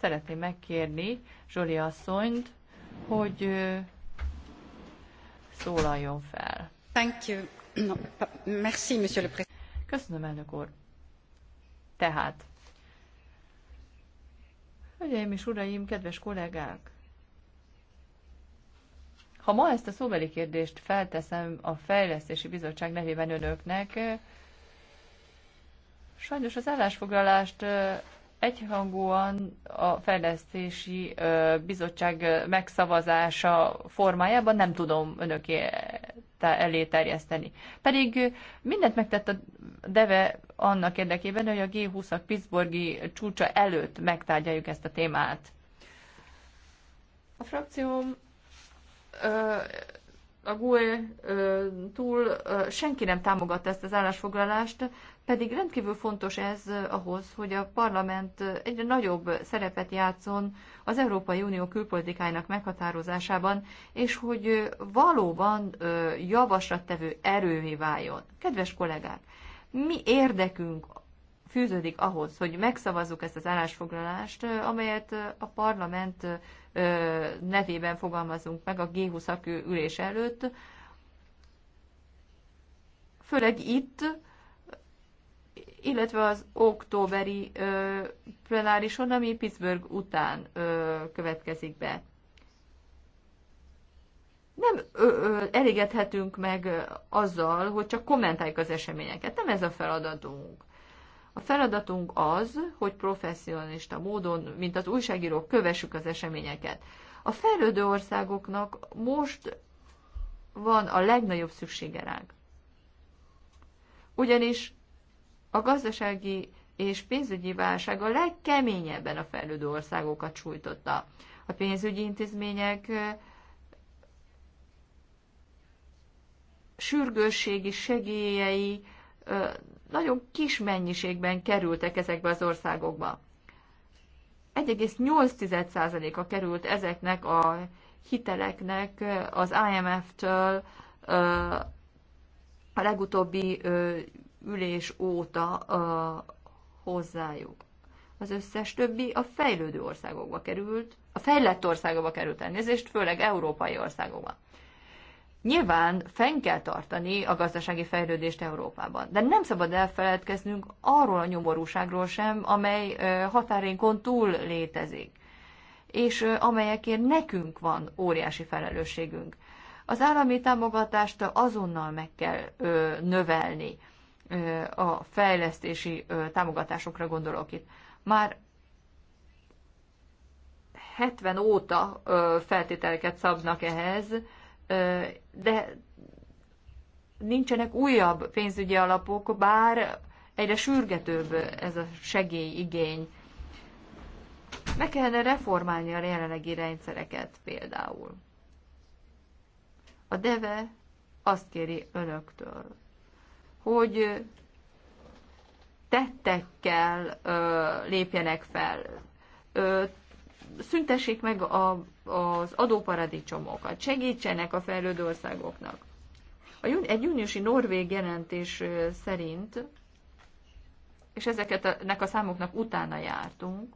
szeretném megkérni Zsoli asszonyt, hogy szólaljon fel. Thank you. No, merci, monsieur le président. Köszönöm, elnök úr. Tehát, hölgyeim és uraim, kedves kollégák, ha ma ezt a szóbeli kérdést felteszem a Fejlesztési Bizottság nevében önöknek, sajnos az állásfoglalást egyhangúan a fejlesztési bizottság megszavazása formájában nem tudom önöké elé terjeszteni. Pedig mindent megtett a Deve annak érdekében, hogy a G20-ak Pittsburghi csúcsa előtt megtárgyaljuk ezt a témát. A frakcióm a GUE túl senki nem támogatta ezt az állásfoglalást, pedig rendkívül fontos ez eh, ahhoz, hogy a parlament eh, egyre nagyobb szerepet játszon az Európai Unió külpolitikájának meghatározásában, és hogy eh, valóban javaslattevő erővé váljon. Kedves kollégák, mi érdekünk fűződik ahhoz, hogy megszavazzuk ezt az állásfoglalást, amelyet a parlament nevében fogalmazunk meg a G20 ülés előtt, főleg itt, illetve az októberi ö, plenárison, ami Pittsburgh után ö, következik be. Nem ö, ö, elégedhetünk meg azzal, hogy csak kommentáljuk az eseményeket. Nem ez a feladatunk. A feladatunk az, hogy professzionista módon, mint az újságírók, kövessük az eseményeket. A fejlődő országoknak most van a legnagyobb szüksége ránk. Ugyanis a gazdasági és pénzügyi válság a legkeményebben a fejlődő országokat sújtotta. A pénzügyi intézmények sürgősségi segélyei nagyon kis mennyiségben kerültek ezekbe az országokba. 1,8%-a került ezeknek a hiteleknek az IMF-től a legutóbbi ülés óta a, hozzájuk. Az összes többi a fejlődő országokba került, a fejlett országokba került elnézést, főleg európai országokba. Nyilván fenn kell tartani a gazdasági fejlődést Európában, de nem szabad elfeledkeznünk arról a nyomorúságról sem, amely határénkon túl létezik, és amelyekért nekünk van óriási felelősségünk. Az állami támogatást azonnal meg kell ö, növelni a fejlesztési támogatásokra gondolok itt. Már 70 óta feltételeket szabnak ehhez, de nincsenek újabb pénzügyi alapok, bár egyre sürgetőbb ez a segélyigény. Meg kellene reformálni a jelenlegi rendszereket például. A DEVE azt kéri önöktől, hogy tettekkel ö, lépjenek fel. Ö, szüntessék meg a, az adóparadicsomokat, segítsenek a fejlődő országoknak. A jún, egy júniusi norvég jelentés szerint, és ezeket a, nek a számoknak utána jártunk,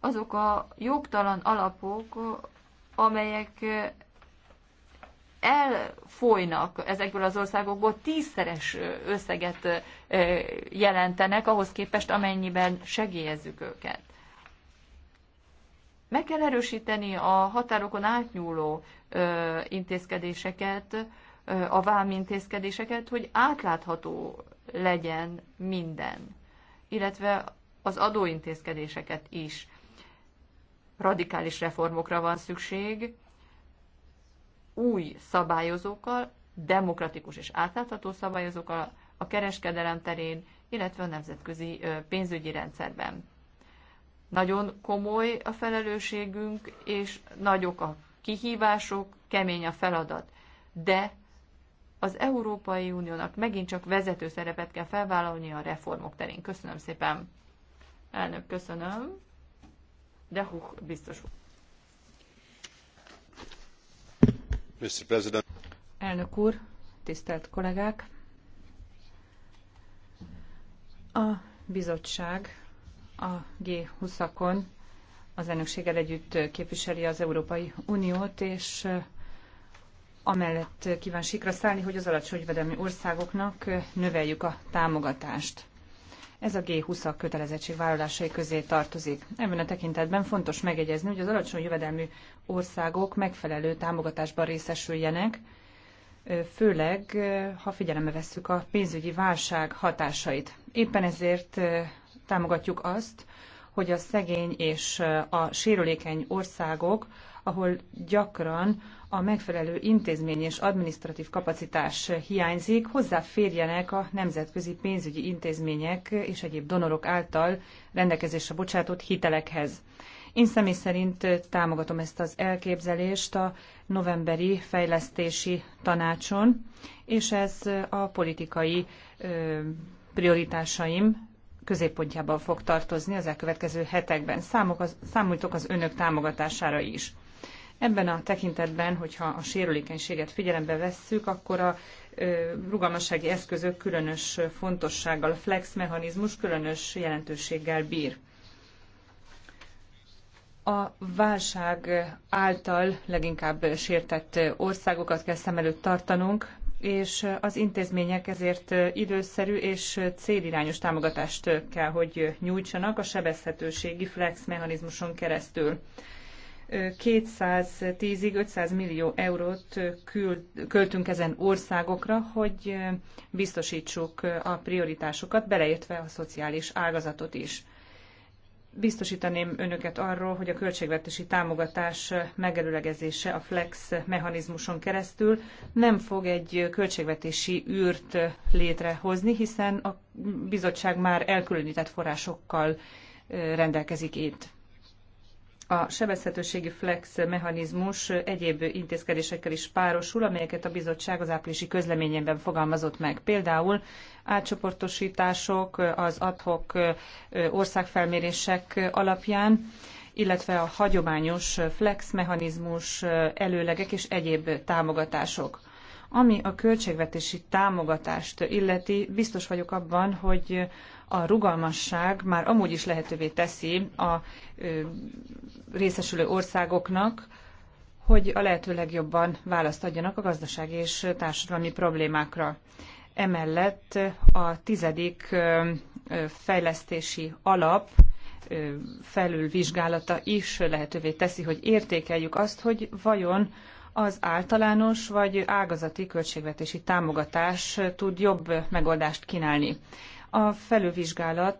azok a jogtalan alapok, amelyek elfolynak ezekből az országokból, tízszeres összeget jelentenek ahhoz képest, amennyiben segélyezzük őket. Meg kell erősíteni a határokon átnyúló intézkedéseket, a intézkedéseket, hogy átlátható legyen minden, illetve az adóintézkedéseket is. Radikális reformokra van szükség, új szabályozókkal, demokratikus és átlátható szabályozókkal a kereskedelem terén, illetve a nemzetközi pénzügyi rendszerben. Nagyon komoly a felelősségünk, és nagyok a kihívások, kemény a feladat. De az Európai Uniónak megint csak vezető szerepet kell felvállalni a reformok terén. Köszönöm szépen. Elnök, köszönöm. De hú, biztos. Elnök úr, tisztelt kollégák! A bizottság a G20-akon az elnökséggel együtt képviseli az Európai Uniót, és amellett kíván sikra szállni, hogy az alacsony jövedelmű országoknak növeljük a támogatást. Ez a G20-ak kötelezettségvállalásai közé tartozik. Ebben a tekintetben fontos megjegyezni, hogy az alacsony jövedelmű országok megfelelő támogatásban részesüljenek, főleg ha figyelembe vesszük a pénzügyi válság hatásait. Éppen ezért támogatjuk azt, hogy a szegény és a sérülékeny országok ahol gyakran a megfelelő intézmény és adminisztratív kapacitás hiányzik, hozzáférjenek a nemzetközi pénzügyi intézmények és egyéb donorok által rendelkezésre bocsátott hitelekhez. Én személy szerint támogatom ezt az elképzelést a novemberi fejlesztési tanácson, és ez a politikai prioritásaim középpontjában fog tartozni az elkövetkező hetekben. Számok az, számoltok az önök támogatására is. Ebben a tekintetben, hogyha a sérülékenységet figyelembe vesszük, akkor a rugalmassági eszközök különös fontossággal, a flex mechanizmus különös jelentőséggel bír. A válság által leginkább sértett országokat kell szem előtt tartanunk, és az intézmények ezért időszerű és célirányos támogatást kell, hogy nyújtsanak a sebezhetőségi flex mechanizmuson keresztül. 210-ig 500 millió eurót költünk ezen országokra, hogy biztosítsuk a prioritásokat, beleértve a szociális ágazatot is. Biztosítaném önöket arról, hogy a költségvetési támogatás megelőlegezése a flex mechanizmuson keresztül nem fog egy költségvetési űrt létrehozni, hiszen a bizottság már elkülönített forrásokkal rendelkezik itt. A sebezhetőségi flex mechanizmus egyéb intézkedésekkel is párosul, amelyeket a bizottság az áprilisi közleményében fogalmazott meg. Például átcsoportosítások, az adhok országfelmérések alapján, illetve a hagyományos flex mechanizmus, előlegek és egyéb támogatások. Ami a költségvetési támogatást illeti, biztos vagyok abban, hogy a rugalmasság már amúgy is lehetővé teszi a részesülő országoknak, hogy a lehető legjobban választ adjanak a gazdasági és társadalmi problémákra. Emellett a tizedik fejlesztési alap felülvizsgálata is lehetővé teszi, hogy értékeljük azt, hogy vajon az általános vagy ágazati költségvetési támogatás tud jobb megoldást kínálni. A felülvizsgálat,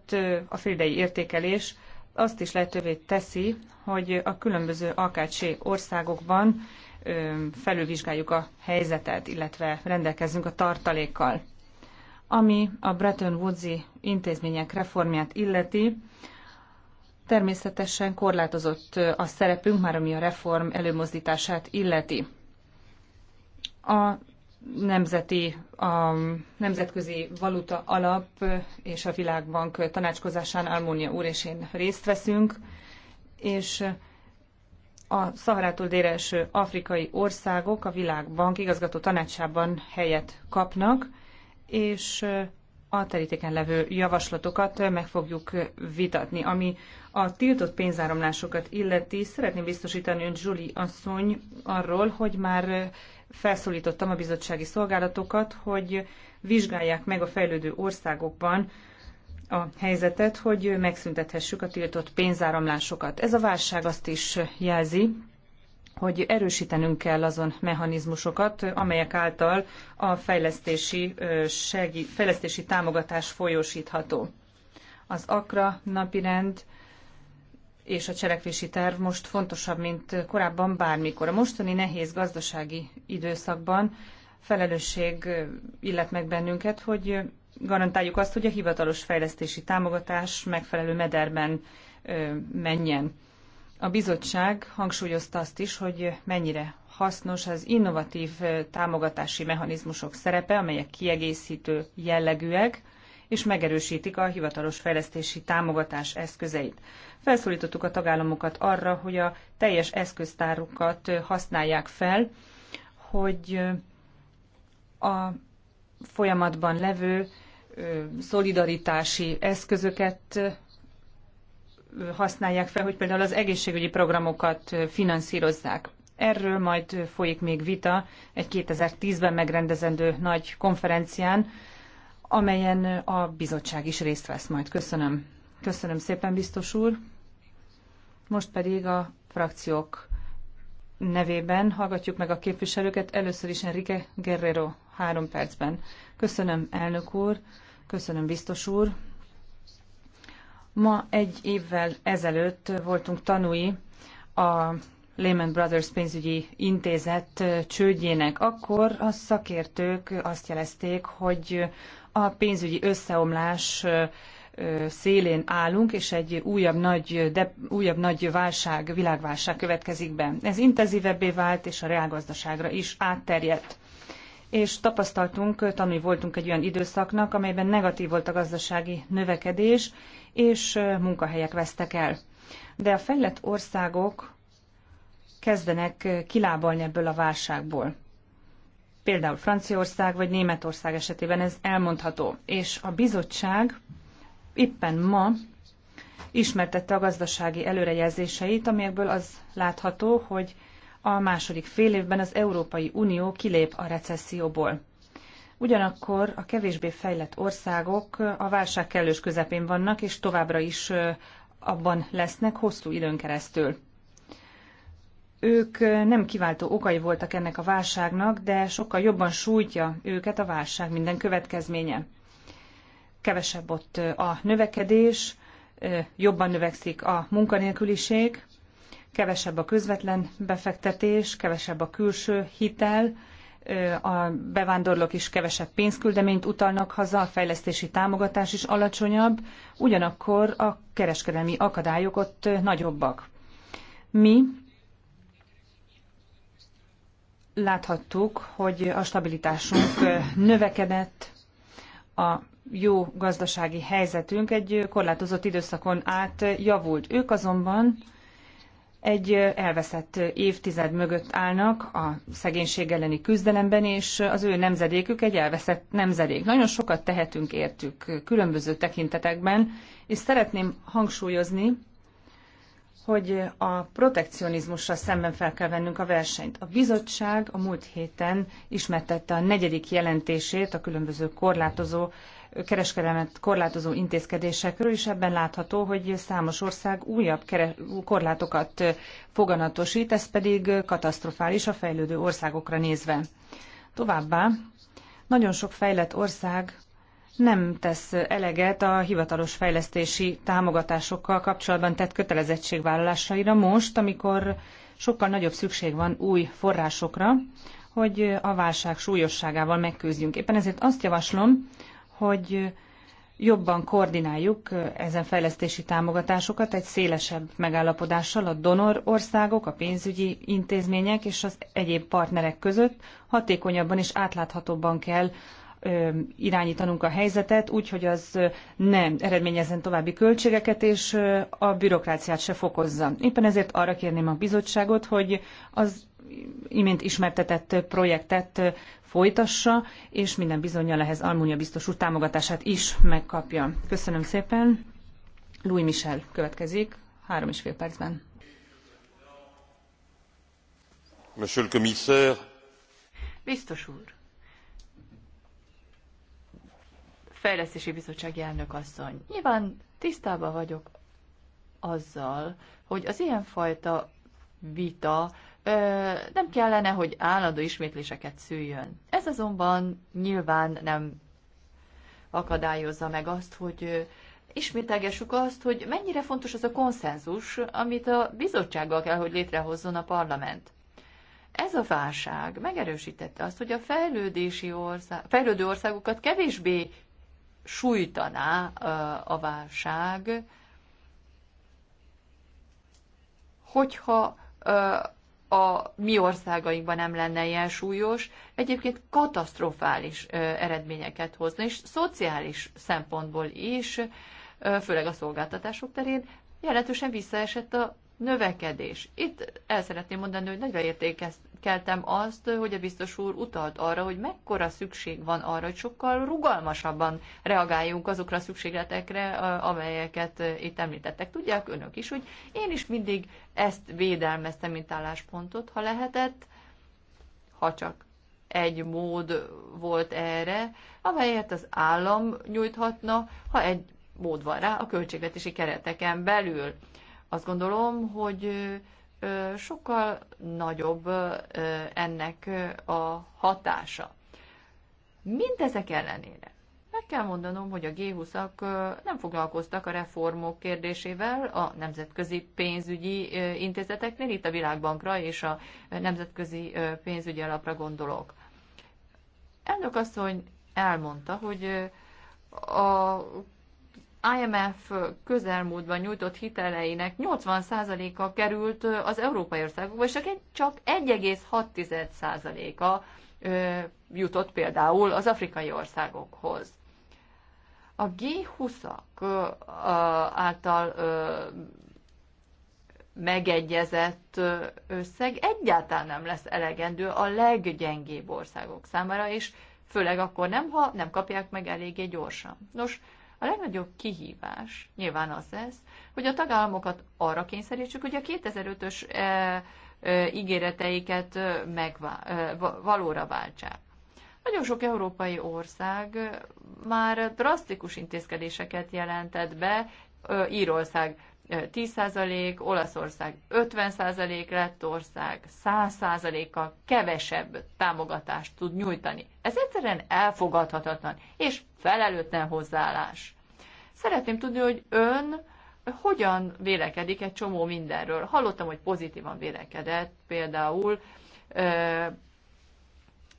a félidei értékelés azt is lehetővé teszi, hogy a különböző AKC országokban felülvizsgáljuk a helyzetet, illetve rendelkezzünk a tartalékkal. Ami a Bretton Woods-i intézmények reformját illeti, Természetesen korlátozott a szerepünk, már ami a reform előmozdítását illeti. A nemzeti, a nemzetközi valuta alap és a világbank tanácskozásán Almónia úr és én részt veszünk, és a Szaharától délre eső afrikai országok a világbank igazgató tanácsában helyet kapnak, és a terítéken levő javaslatokat meg fogjuk vitatni. Ami a tiltott pénzáramlásokat illeti, szeretném biztosítani ön Zsuli asszony arról, hogy már felszólítottam a bizottsági szolgálatokat, hogy vizsgálják meg a fejlődő országokban a helyzetet, hogy megszüntethessük a tiltott pénzáramlásokat. Ez a válság azt is jelzi, hogy erősítenünk kell azon mechanizmusokat, amelyek által a fejlesztési, segí, fejlesztési támogatás folyósítható. Az AKRA napirend és a cselekvési terv most fontosabb, mint korábban bármikor. A mostani nehéz gazdasági időszakban felelősség illet meg bennünket, hogy garantáljuk azt, hogy a hivatalos fejlesztési támogatás megfelelő mederben menjen. A bizottság hangsúlyozta azt is, hogy mennyire hasznos az innovatív támogatási mechanizmusok szerepe, amelyek kiegészítő jellegűek, és megerősítik a hivatalos fejlesztési támogatás eszközeit. Felszólítottuk a tagállamokat arra, hogy a teljes eszköztárukat használják fel, hogy a folyamatban levő szolidaritási eszközöket használják fel, hogy például az egészségügyi programokat finanszírozzák. Erről majd folyik még vita egy 2010-ben megrendezendő nagy konferencián, amelyen a bizottság is részt vesz majd. Köszönöm. Köszönöm szépen, biztos úr. Most pedig a frakciók nevében hallgatjuk meg a képviselőket. Először is Enrique Guerrero három percben. Köszönöm, elnök úr. Köszönöm, biztos úr. Ma egy évvel ezelőtt voltunk tanúi a Lehman Brothers pénzügyi intézet csődjének. Akkor a szakértők azt jelezték, hogy a pénzügyi összeomlás szélén állunk, és egy újabb nagy, de, újabb nagy válság, világválság következik be. Ez intenzívebbé vált, és a reálgazdaságra is átterjedt. És tapasztaltunk, tanulni voltunk egy olyan időszaknak, amelyben negatív volt a gazdasági növekedés, és munkahelyek vesztek el. De a fejlett országok kezdenek kilábalni ebből a válságból. Például Franciaország vagy Németország esetében ez elmondható. És a bizottság éppen ma ismertette a gazdasági előrejelzéseit, amelyekből az látható, hogy a második fél évben az Európai Unió kilép a recesszióból. Ugyanakkor a kevésbé fejlett országok a válság kellős közepén vannak, és továbbra is abban lesznek hosszú időn keresztül. Ők nem kiváltó okai voltak ennek a válságnak, de sokkal jobban sújtja őket a válság minden következménye. Kevesebb ott a növekedés, jobban növekszik a munkanélküliség, kevesebb a közvetlen befektetés, kevesebb a külső hitel, a bevándorlók is kevesebb pénzküldeményt utalnak haza, a fejlesztési támogatás is alacsonyabb, ugyanakkor a kereskedelmi akadályok ott nagyobbak. Mi láthattuk, hogy a stabilitásunk növekedett, a jó gazdasági helyzetünk egy korlátozott időszakon át javult. Ők azonban egy elveszett évtized mögött állnak a szegénység elleni küzdelemben, és az ő nemzedékük egy elveszett nemzedék. Nagyon sokat tehetünk értük különböző tekintetekben, és szeretném hangsúlyozni, hogy a protekcionizmussal szemben fel kell vennünk a versenyt. A bizottság a múlt héten ismertette a negyedik jelentését a különböző korlátozó kereskedelmet korlátozó intézkedésekről, és ebben látható, hogy számos ország újabb korlátokat foganatosít, ez pedig katasztrofális a fejlődő országokra nézve. Továbbá nagyon sok fejlett ország nem tesz eleget a hivatalos fejlesztési támogatásokkal kapcsolatban tett kötelezettségvállalásaira most, amikor sokkal nagyobb szükség van új forrásokra, hogy a válság súlyosságával megküzdjünk. Éppen ezért azt javaslom, hogy jobban koordináljuk ezen fejlesztési támogatásokat egy szélesebb megállapodással a donor országok, a pénzügyi intézmények és az egyéb partnerek között hatékonyabban és átláthatóbban kell irányítanunk a helyzetet, úgy, hogy az ne eredményezzen további költségeket, és a bürokráciát se fokozza. Éppen ezért arra kérném a bizottságot, hogy az imént ismertetett projektet folytassa, és minden bizonyal ehhez Almunia biztos úr támogatását is megkapja. Köszönöm szépen. Louis Michel következik, három és fél percben. Monsieur le commissaire. Biztos úr. Fejlesztési Bizottsági Elnök asszony. Nyilván tisztában vagyok azzal, hogy az ilyenfajta vita nem kellene, hogy állandó ismétléseket szüljön. Ez azonban nyilván nem akadályozza meg azt, hogy ismételgessük azt, hogy mennyire fontos az a konszenzus, amit a bizottsággal kell, hogy létrehozzon a parlament. Ez a válság megerősítette azt, hogy a fejlődési ország, fejlődő országokat kevésbé sújtaná a válság, hogyha a mi országainkban nem lenne ilyen súlyos, egyébként katasztrofális eredményeket hozna, és szociális szempontból is, főleg a szolgáltatások terén jelentősen visszaesett a növekedés. Itt el szeretném mondani, hogy nagyra értékez, érzékeltem azt, hogy a biztos úr utalt arra, hogy mekkora szükség van arra, hogy sokkal rugalmasabban reagáljunk azokra a szükségletekre, amelyeket eh, itt említettek. Tudják önök is, hogy én is mindig ezt védelmeztem, mint álláspontot, ha lehetett, ha csak egy mód volt erre, amelyet az állam nyújthatna, ha egy mód van rá a költségvetési kereteken belül. Azt gondolom, hogy eh, sokkal nagyobb ennek a hatása. Mindezek ellenére meg kell mondanom, hogy a G20-ak nem foglalkoztak a reformok kérdésével a nemzetközi pénzügyi intézeteknél, itt a Világbankra és a nemzetközi pénzügyi alapra gondolok. Elnök asszony elmondta, hogy a IMF közelmúltban nyújtott hiteleinek 80%-a került az európai országokba, és csak 1,6%-a jutott például az afrikai országokhoz. A G20-ak által megegyezett összeg egyáltalán nem lesz elegendő a leggyengébb országok számára, és főleg akkor nem, ha nem kapják meg eléggé gyorsan. Nos, a legnagyobb kihívás nyilván az lesz, hogy a tagállamokat arra kényszerítsük, hogy a 2005-ös e, e, ígéreteiket eh, megvá, e, valóra váltsák. Nagyon sok európai ország eh, már drasztikus intézkedéseket jelentett be, Írország 10%, Olaszország 50% lett ország, 100 a kevesebb támogatást tud nyújtani. Ez egyszerűen elfogadhatatlan és felelőtlen hozzáállás. Szeretném tudni, hogy ön hogyan vélekedik egy csomó mindenről. Hallottam, hogy pozitívan vélekedett, például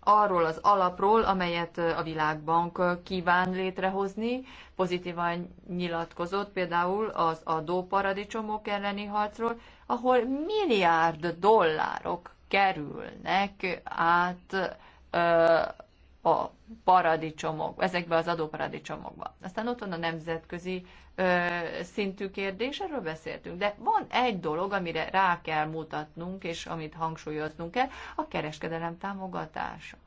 arról az alapról, amelyet a Világbank kíván létrehozni. Pozitívan nyilatkozott például az adóparadicsomok elleni harcról, ahol milliárd dollárok kerülnek át a paradicsomok, ezekbe az adóparadicsomokba. Aztán ott van a nemzetközi ö, szintű kérdés, erről beszéltünk. De van egy dolog, amire rá kell mutatnunk, és amit hangsúlyoznunk kell, a kereskedelem támogatása.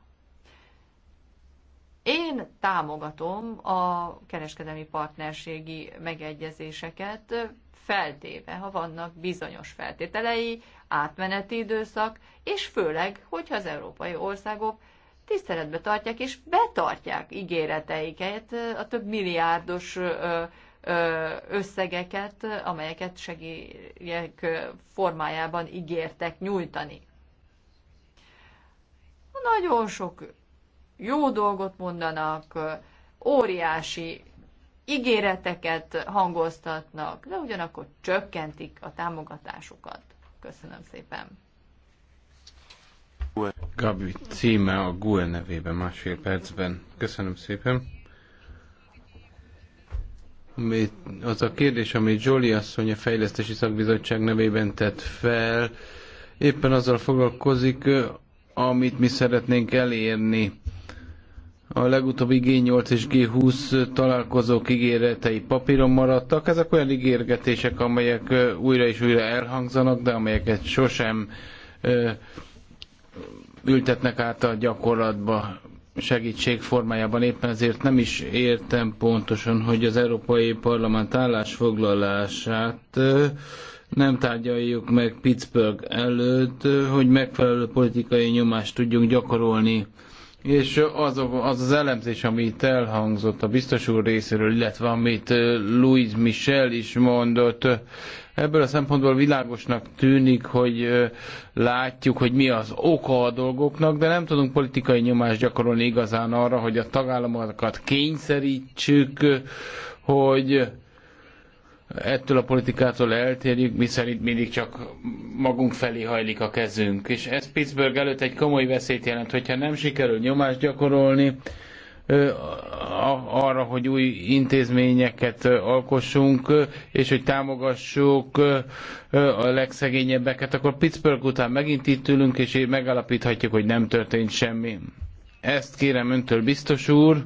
Én támogatom a kereskedelmi partnerségi megegyezéseket, feltéve, ha vannak bizonyos feltételei, átmeneti időszak, és főleg, hogyha az európai országok tiszteletbe tartják és betartják ígéreteiket, a több milliárdos összegeket, amelyeket segélyek formájában ígértek nyújtani. Nagyon sok jó dolgot mondanak, óriási ígéreteket hangoztatnak, de ugyanakkor csökkentik a támogatásukat. Köszönöm szépen! Gabi címe a GUE nevében másfél percben. Köszönöm szépen. Az a kérdés, amit Zsoli asszony a Fejlesztési Szakbizottság nevében tett fel, éppen azzal foglalkozik, amit mi szeretnénk elérni. A legutóbbi G8 és G20 találkozók ígéretei papíron maradtak. Ezek olyan ígérgetések, amelyek újra és újra elhangzanak, de amelyeket sosem ültetnek át a gyakorlatba segítség formájában. Éppen ezért nem is értem pontosan, hogy az Európai Parlament állásfoglalását nem tárgyaljuk meg Pittsburgh előtt, hogy megfelelő politikai nyomást tudjunk gyakorolni. És az, az az elemzés, amit elhangzott a biztos úr részéről, illetve amit Louis Michel is mondott, Ebből a szempontból világosnak tűnik, hogy látjuk, hogy mi az oka a dolgoknak, de nem tudunk politikai nyomást gyakorolni igazán arra, hogy a tagállamokat kényszerítsük, hogy ettől a politikától eltérjük, mi szerint mindig csak magunk felé hajlik a kezünk. És ez Pittsburgh előtt egy komoly veszélyt jelent, hogyha nem sikerül nyomást gyakorolni, arra, hogy új intézményeket alkossunk, és hogy támogassuk a legszegényebbeket, akkor Pittsburgh után megint itt ülünk, és megállapíthatjuk, hogy nem történt semmi. Ezt kérem öntől, biztos úr,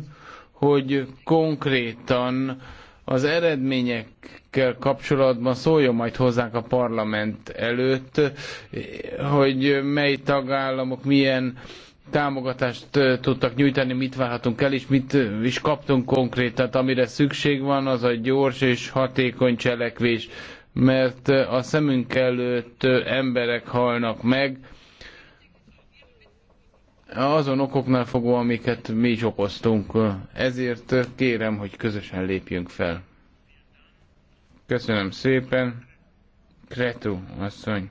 hogy konkrétan az eredményekkel kapcsolatban szóljon majd hozzánk a parlament előtt, hogy mely tagállamok milyen támogatást tudtak nyújtani, mit várhatunk el, és mit is kaptunk konkrétan. Amire szükség van, az a gyors és hatékony cselekvés, mert a szemünk előtt emberek halnak meg, azon okoknál fogva, amiket mi is okoztunk. Ezért kérem, hogy közösen lépjünk fel. Köszönöm szépen. Kretu asszony.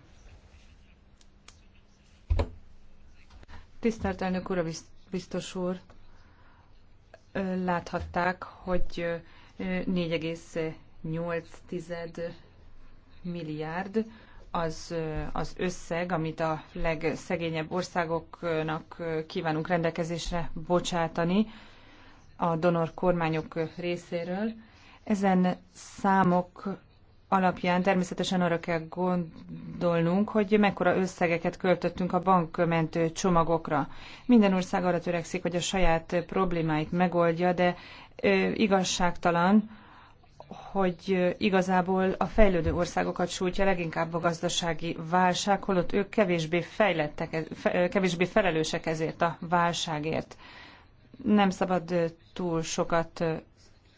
Tisztelt elnök úr, biztos úr, láthatták, hogy 4,8 milliárd az, az összeg, amit a legszegényebb országoknak kívánunk rendelkezésre bocsátani a donor kormányok részéről. Ezen számok alapján természetesen arra kell gondolnunk, hogy mekkora összegeket költöttünk a bankmentő csomagokra. Minden ország arra törekszik, hogy a saját problémáit megoldja, de ö, igazságtalan, hogy igazából a fejlődő országokat sújtja leginkább a gazdasági válság, holott ők kevésbé fejlettek, e, kevésbé felelősek ezért a válságért. Nem szabad túl sokat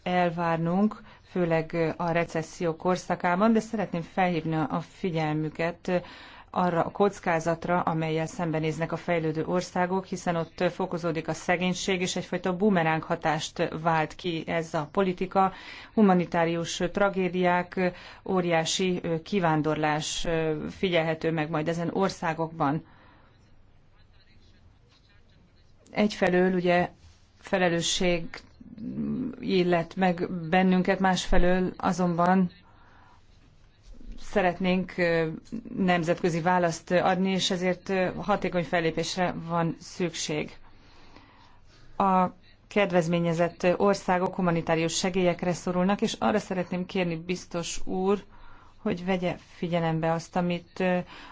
elvárnunk, főleg a recesszió korszakában, de szeretném felhívni a figyelmüket arra a kockázatra, amelyel szembenéznek a fejlődő országok, hiszen ott fokozódik a szegénység, és egyfajta bumeráng hatást vált ki ez a politika. Humanitárius tragédiák, óriási kivándorlás figyelhető meg majd ezen országokban. Egyfelől ugye felelősség illet meg bennünket, másfelől azonban szeretnénk nemzetközi választ adni, és ezért hatékony fellépésre van szükség. A kedvezményezett országok humanitárius segélyekre szorulnak, és arra szeretném kérni biztos úr, hogy vegye figyelembe azt, amit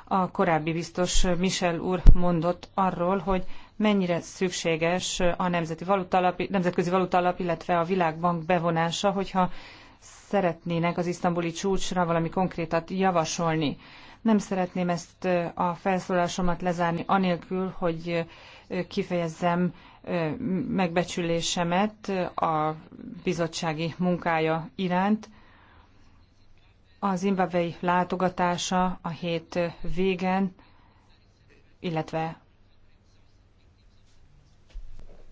a korábbi biztos Michel úr mondott arról, hogy mennyire szükséges a Nemzeti Valutalap, Nemzetközi Valutalap, illetve a Világbank bevonása, hogyha szeretnének az isztambuli csúcsra valami konkrétat javasolni. Nem szeretném ezt a felszólásomat lezárni anélkül, hogy kifejezzem megbecsülésemet a bizottsági munkája iránt. A zimbabwei látogatása a hét végén, illetve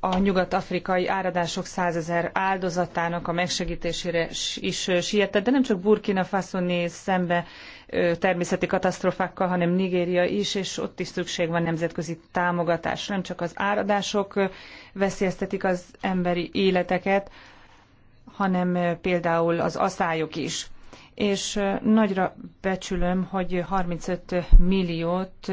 a nyugat-afrikai áradások százezer áldozatának a megsegítésére is sietett, de nem csak Burkina Faso néz szembe természeti katasztrofákkal, hanem Nigéria is, és ott is szükség van nemzetközi támogatásra. Nem csak az áradások veszélyeztetik az emberi életeket, hanem például az aszályok is és nagyra becsülöm, hogy 35 milliót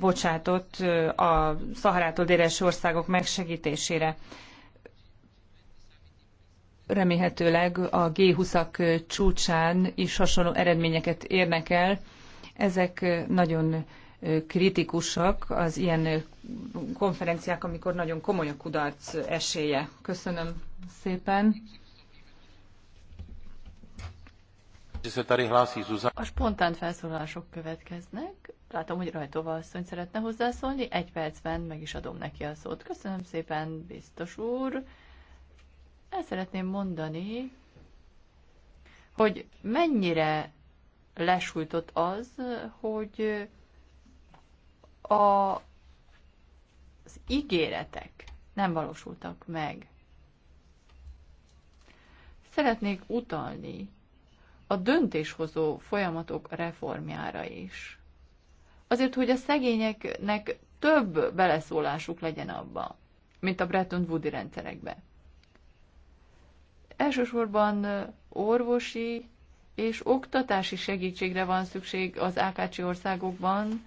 bocsátott a Szaharától déles országok megsegítésére. Remélhetőleg a G20-ak csúcsán is hasonló eredményeket érnek el. Ezek nagyon kritikusak az ilyen konferenciák, amikor nagyon komoly a kudarc esélye. Köszönöm szépen. A spontán felszólalások következnek. Látom, hogy rajtóval asszony szeretne hozzászólni. Egy percben meg is adom neki a szót. Köszönöm szépen, biztos úr. El szeretném mondani, hogy mennyire lesújtott az, hogy a, az ígéretek nem valósultak meg. Szeretnék utalni a döntéshozó folyamatok reformjára is. Azért, hogy a szegényeknek több beleszólásuk legyen abba, mint a Bretton Woodi rendszerekbe. Elsősorban orvosi és oktatási segítségre van szükség az ákácsi országokban,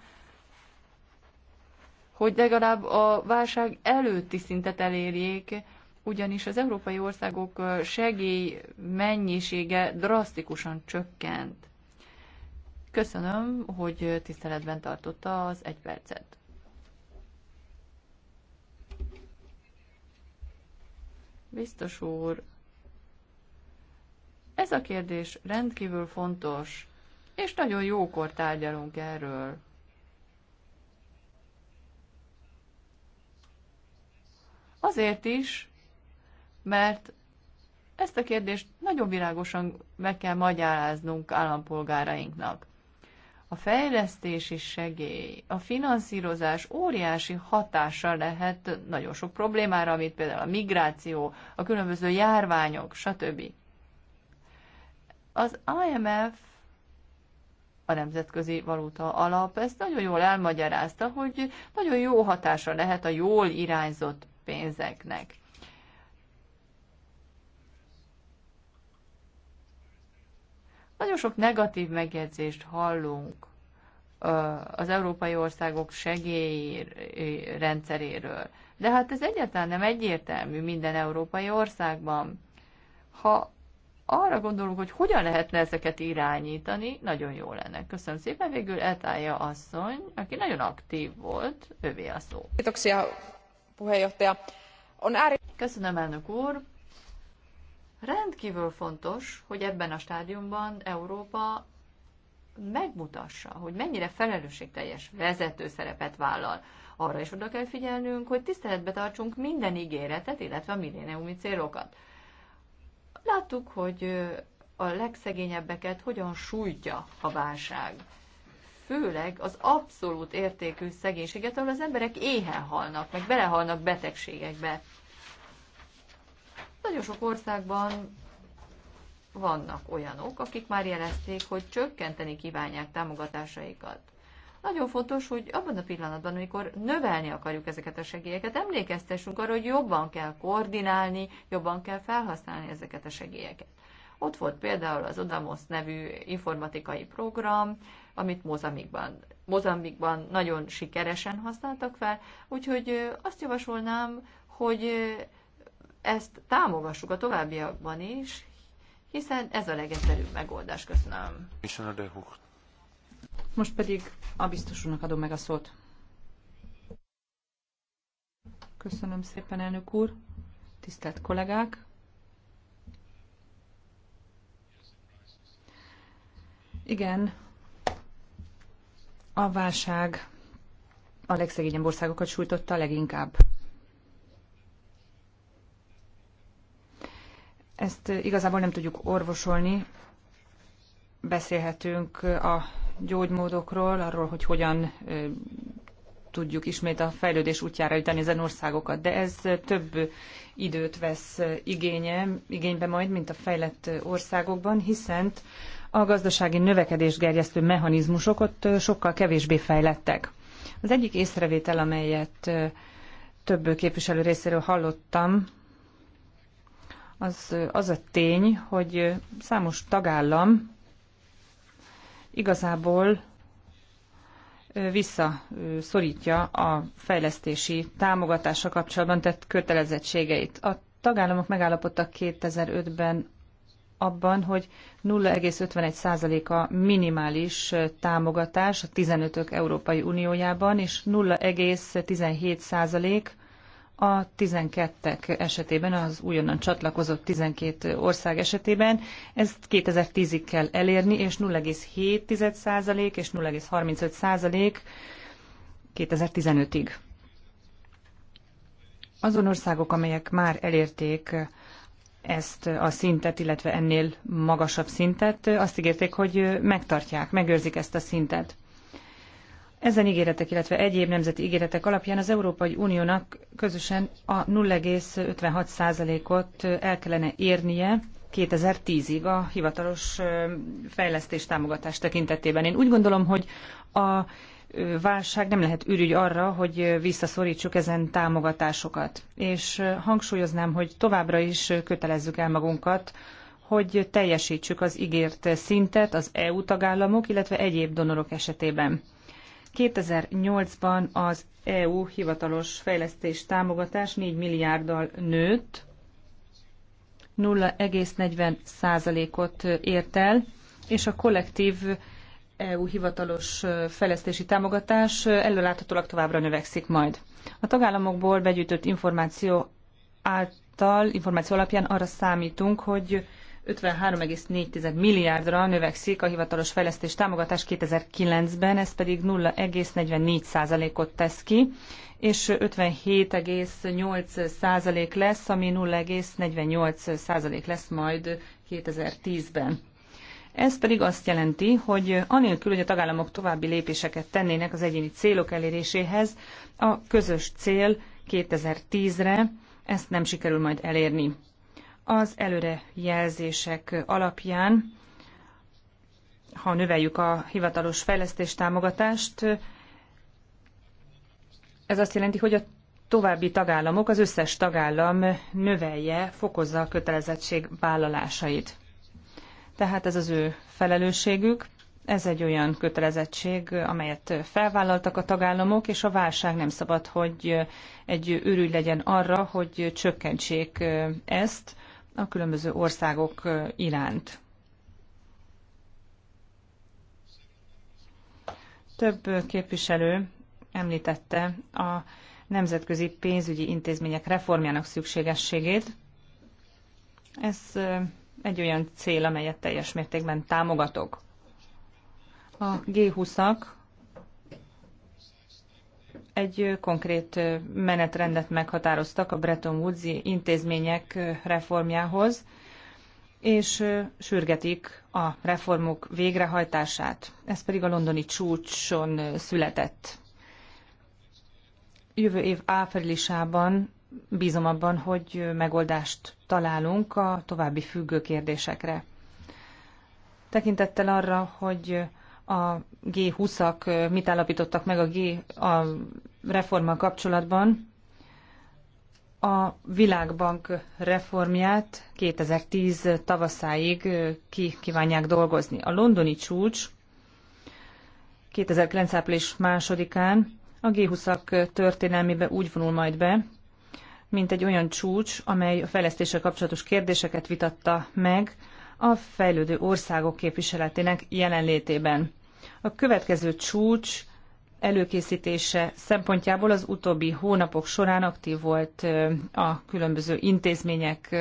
hogy legalább a válság előtti szintet elérjék, ugyanis az európai országok segély mennyisége drasztikusan csökkent. Köszönöm, hogy tiszteletben tartotta az egy percet. Biztos úr, ez a kérdés rendkívül fontos, és nagyon jókor tárgyalunk erről. Azért is, mert ezt a kérdést nagyon világosan meg kell magyaráznunk állampolgárainknak. A fejlesztési segély, a finanszírozás óriási hatással lehet nagyon sok problémára, mint például a migráció, a különböző járványok, stb. Az IMF, a Nemzetközi Valuta Alap ezt nagyon jól elmagyarázta, hogy nagyon jó hatása lehet a jól irányzott pénzeknek. Nagyon sok negatív megjegyzést hallunk az európai országok segélyrendszeréről. De hát ez egyáltalán nem egyértelmű minden európai országban. Ha arra gondolunk, hogy hogyan lehetne ezeket irányítani, nagyon jó lenne. Köszönöm szépen. Végül Etája asszony, aki nagyon aktív volt, ővé a szó. Köszönöm, elnök úr. Rendkívül fontos, hogy ebben a stádiumban Európa megmutassa, hogy mennyire felelősségteljes vezető szerepet vállal. Arra is oda kell figyelnünk, hogy tiszteletbe tartsunk minden ígéretet, illetve a milléniumi célokat. Láttuk, hogy a legszegényebbeket hogyan sújtja a válság. Főleg az abszolút értékű szegénységet, ahol az emberek éhen halnak, meg belehalnak betegségekbe. Nagyon sok országban vannak olyanok, akik már jelezték, hogy csökkenteni kívánják támogatásaikat. Nagyon fontos, hogy abban a pillanatban, amikor növelni akarjuk ezeket a segélyeket, emlékeztessünk arra, hogy jobban kell koordinálni, jobban kell felhasználni ezeket a segélyeket. Ott volt például az Odamos nevű informatikai program, amit Mozambikban, Mozambikban nagyon sikeresen használtak fel, úgyhogy azt javasolnám, hogy ezt támogassuk a továbbiakban is, hiszen ez a legegyszerűbb megoldás. Köszönöm. Most pedig a biztosunknak adom meg a szót. Köszönöm szépen, elnök úr. Tisztelt kollégák! Igen, a válság a legszegényebb országokat sújtotta leginkább. Ezt igazából nem tudjuk orvosolni. Beszélhetünk a gyógymódokról, arról, hogy hogyan tudjuk ismét a fejlődés útjára jutani ezen országokat, de ez több időt vesz igénye, igénybe majd, mint a fejlett országokban, hiszen a gazdasági növekedés gerjesztő mechanizmusok ott sokkal kevésbé fejlettek. Az egyik észrevétel, amelyet több képviselő részéről hallottam, az, az a tény, hogy számos tagállam igazából visszaszorítja a fejlesztési támogatása kapcsolatban tett kötelezettségeit. A tagállamok megállapodtak 2005-ben abban, hogy 0,51% a minimális támogatás a 15-ök Európai Uniójában, és 0,17% a 12-ek esetében, az újonnan csatlakozott 12 ország esetében ezt 2010-ig kell elérni, és 0,7% és 0,35% 2015-ig. Azon országok, amelyek már elérték ezt a szintet, illetve ennél magasabb szintet, azt ígérték, hogy megtartják, megőrzik ezt a szintet. Ezen ígéretek, illetve egyéb nemzeti ígéretek alapján az Európai Uniónak közösen a 0,56%-ot el kellene érnie 2010-ig a hivatalos fejlesztés támogatás tekintetében. Én úgy gondolom, hogy a válság nem lehet ürügy arra, hogy visszaszorítsuk ezen támogatásokat. És hangsúlyoznám, hogy továbbra is kötelezzük el magunkat, hogy teljesítsük az ígért szintet az EU tagállamok, illetve egyéb donorok esetében. 2008-ban az EU hivatalos fejlesztés támogatás 4 milliárddal nőtt, 0,40 százalékot ért el, és a kollektív EU hivatalos fejlesztési támogatás előláthatólag továbbra növekszik majd. A tagállamokból begyűjtött információ által, információ alapján arra számítunk, hogy 53,4 milliárdra növekszik a hivatalos fejlesztés támogatás 2009-ben, ez pedig 0,44 ot tesz ki, és 57,8 százalék lesz, ami 0,48 százalék lesz majd 2010-ben. Ez pedig azt jelenti, hogy anélkül, hogy a tagállamok további lépéseket tennének az egyéni célok eléréséhez, a közös cél 2010-re ezt nem sikerül majd elérni az előrejelzések alapján, ha növeljük a hivatalos fejlesztés támogatást, ez azt jelenti, hogy a további tagállamok, az összes tagállam növelje, fokozza a kötelezettség vállalásait. Tehát ez az ő felelősségük. Ez egy olyan kötelezettség, amelyet felvállaltak a tagállamok, és a válság nem szabad, hogy egy őrügy legyen arra, hogy csökkentsék ezt a különböző országok iránt. Több képviselő említette a nemzetközi pénzügyi intézmények reformjának szükségességét. Ez egy olyan cél, amelyet teljes mértékben támogatok. A G20-ak egy konkrét menetrendet meghatároztak a Bretton woods intézmények reformjához, és sürgetik a reformok végrehajtását. Ez pedig a londoni csúcson született. Jövő év áprilisában bízom abban, hogy megoldást találunk a további függő kérdésekre. Tekintettel arra, hogy a G20-ak mit állapítottak meg a, G, a reforma kapcsolatban. A Világbank reformját 2010 tavaszáig ki kívánják dolgozni. A londoni csúcs 2009. április másodikán a G20-ak történelmébe úgy vonul majd be, mint egy olyan csúcs, amely a fejlesztéssel kapcsolatos kérdéseket vitatta meg a fejlődő országok képviseletének jelenlétében. A következő csúcs előkészítése szempontjából az utóbbi hónapok során aktív volt a különböző intézmények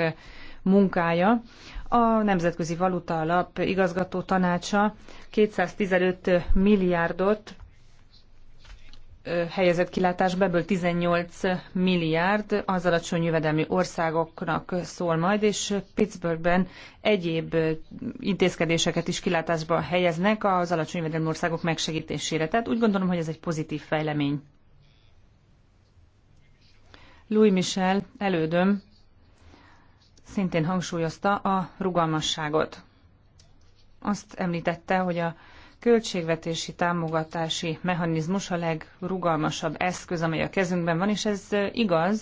munkája. A Nemzetközi Valuta Alap igazgató tanácsa 215 milliárdot helyezett kilátásba, ebből 18 milliárd az alacsony jövedelmi országoknak szól majd, és Pittsburghben egyéb intézkedéseket is kilátásba helyeznek az alacsony jövedelmi országok megsegítésére. Tehát úgy gondolom, hogy ez egy pozitív fejlemény. Louis Michel elődöm szintén hangsúlyozta a rugalmasságot. Azt említette, hogy a költségvetési támogatási mechanizmus a legrugalmasabb eszköz, amely a kezünkben van, és ez igaz,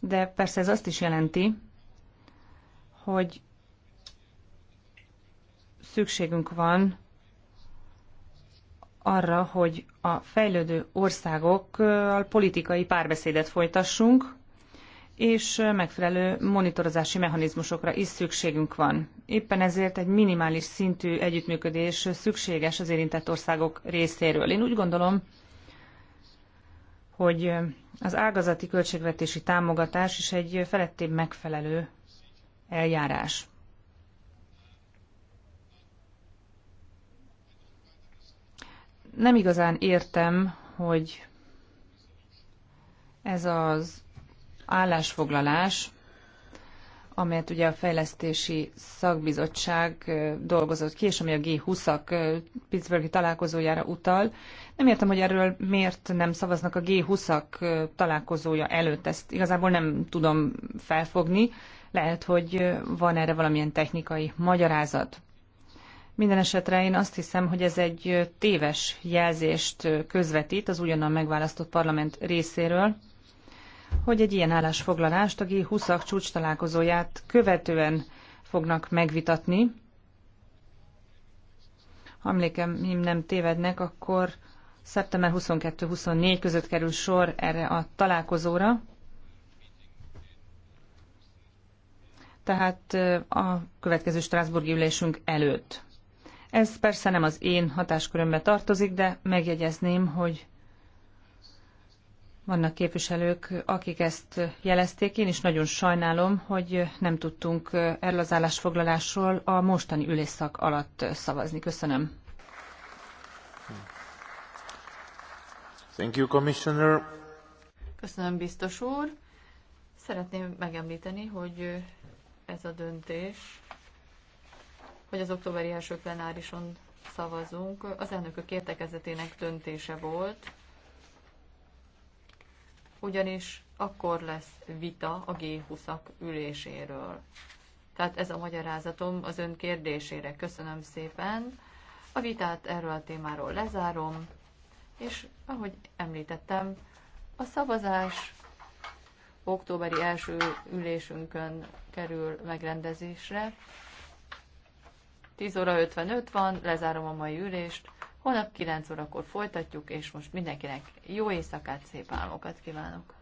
de persze ez azt is jelenti, hogy szükségünk van arra, hogy a fejlődő országokkal politikai párbeszédet folytassunk, és megfelelő monitorozási mechanizmusokra is szükségünk van. Éppen ezért egy minimális szintű együttműködés szükséges az érintett országok részéről. Én úgy gondolom, hogy az ágazati költségvetési támogatás is egy felettébb megfelelő eljárás. Nem igazán értem, hogy ez az állásfoglalás, amelyet ugye a Fejlesztési Szakbizottság dolgozott ki, és ami a G20-ak Pittsburghi találkozójára utal. Nem értem, hogy erről miért nem szavaznak a G20-ak találkozója előtt. Ezt igazából nem tudom felfogni. Lehet, hogy van erre valamilyen technikai magyarázat. Minden esetre én azt hiszem, hogy ez egy téves jelzést közvetít az újonnan megválasztott parlament részéről, hogy egy ilyen állásfoglalást a G20-ak csúcs találkozóját követően fognak megvitatni. Ha emlékeim nem tévednek, akkor szeptember 22-24 között kerül sor erre a találkozóra. Tehát a következő Strasburgi ülésünk előtt. Ez persze nem az én hatáskörömbe tartozik, de megjegyezném, hogy vannak képviselők, akik ezt jelezték. Én is nagyon sajnálom, hogy nem tudtunk erről az állásfoglalásról a mostani ülésszak alatt szavazni. Köszönöm. Thank you, Commissioner. Köszönöm, biztos úr. Szeretném megemlíteni, hogy ez a döntés, hogy az októberi első plenárison szavazunk, az elnökök értekezetének döntése volt, ugyanis akkor lesz vita a g 20 üléséről. Tehát ez a magyarázatom az ön kérdésére. Köszönöm szépen. A vitát erről a témáról lezárom, és ahogy említettem, a szavazás októberi első ülésünkön kerül megrendezésre. 10 óra 55 van, lezárom a mai ülést. Holnap 9 órakor folytatjuk, és most mindenkinek jó éjszakát, szép álmokat kívánok!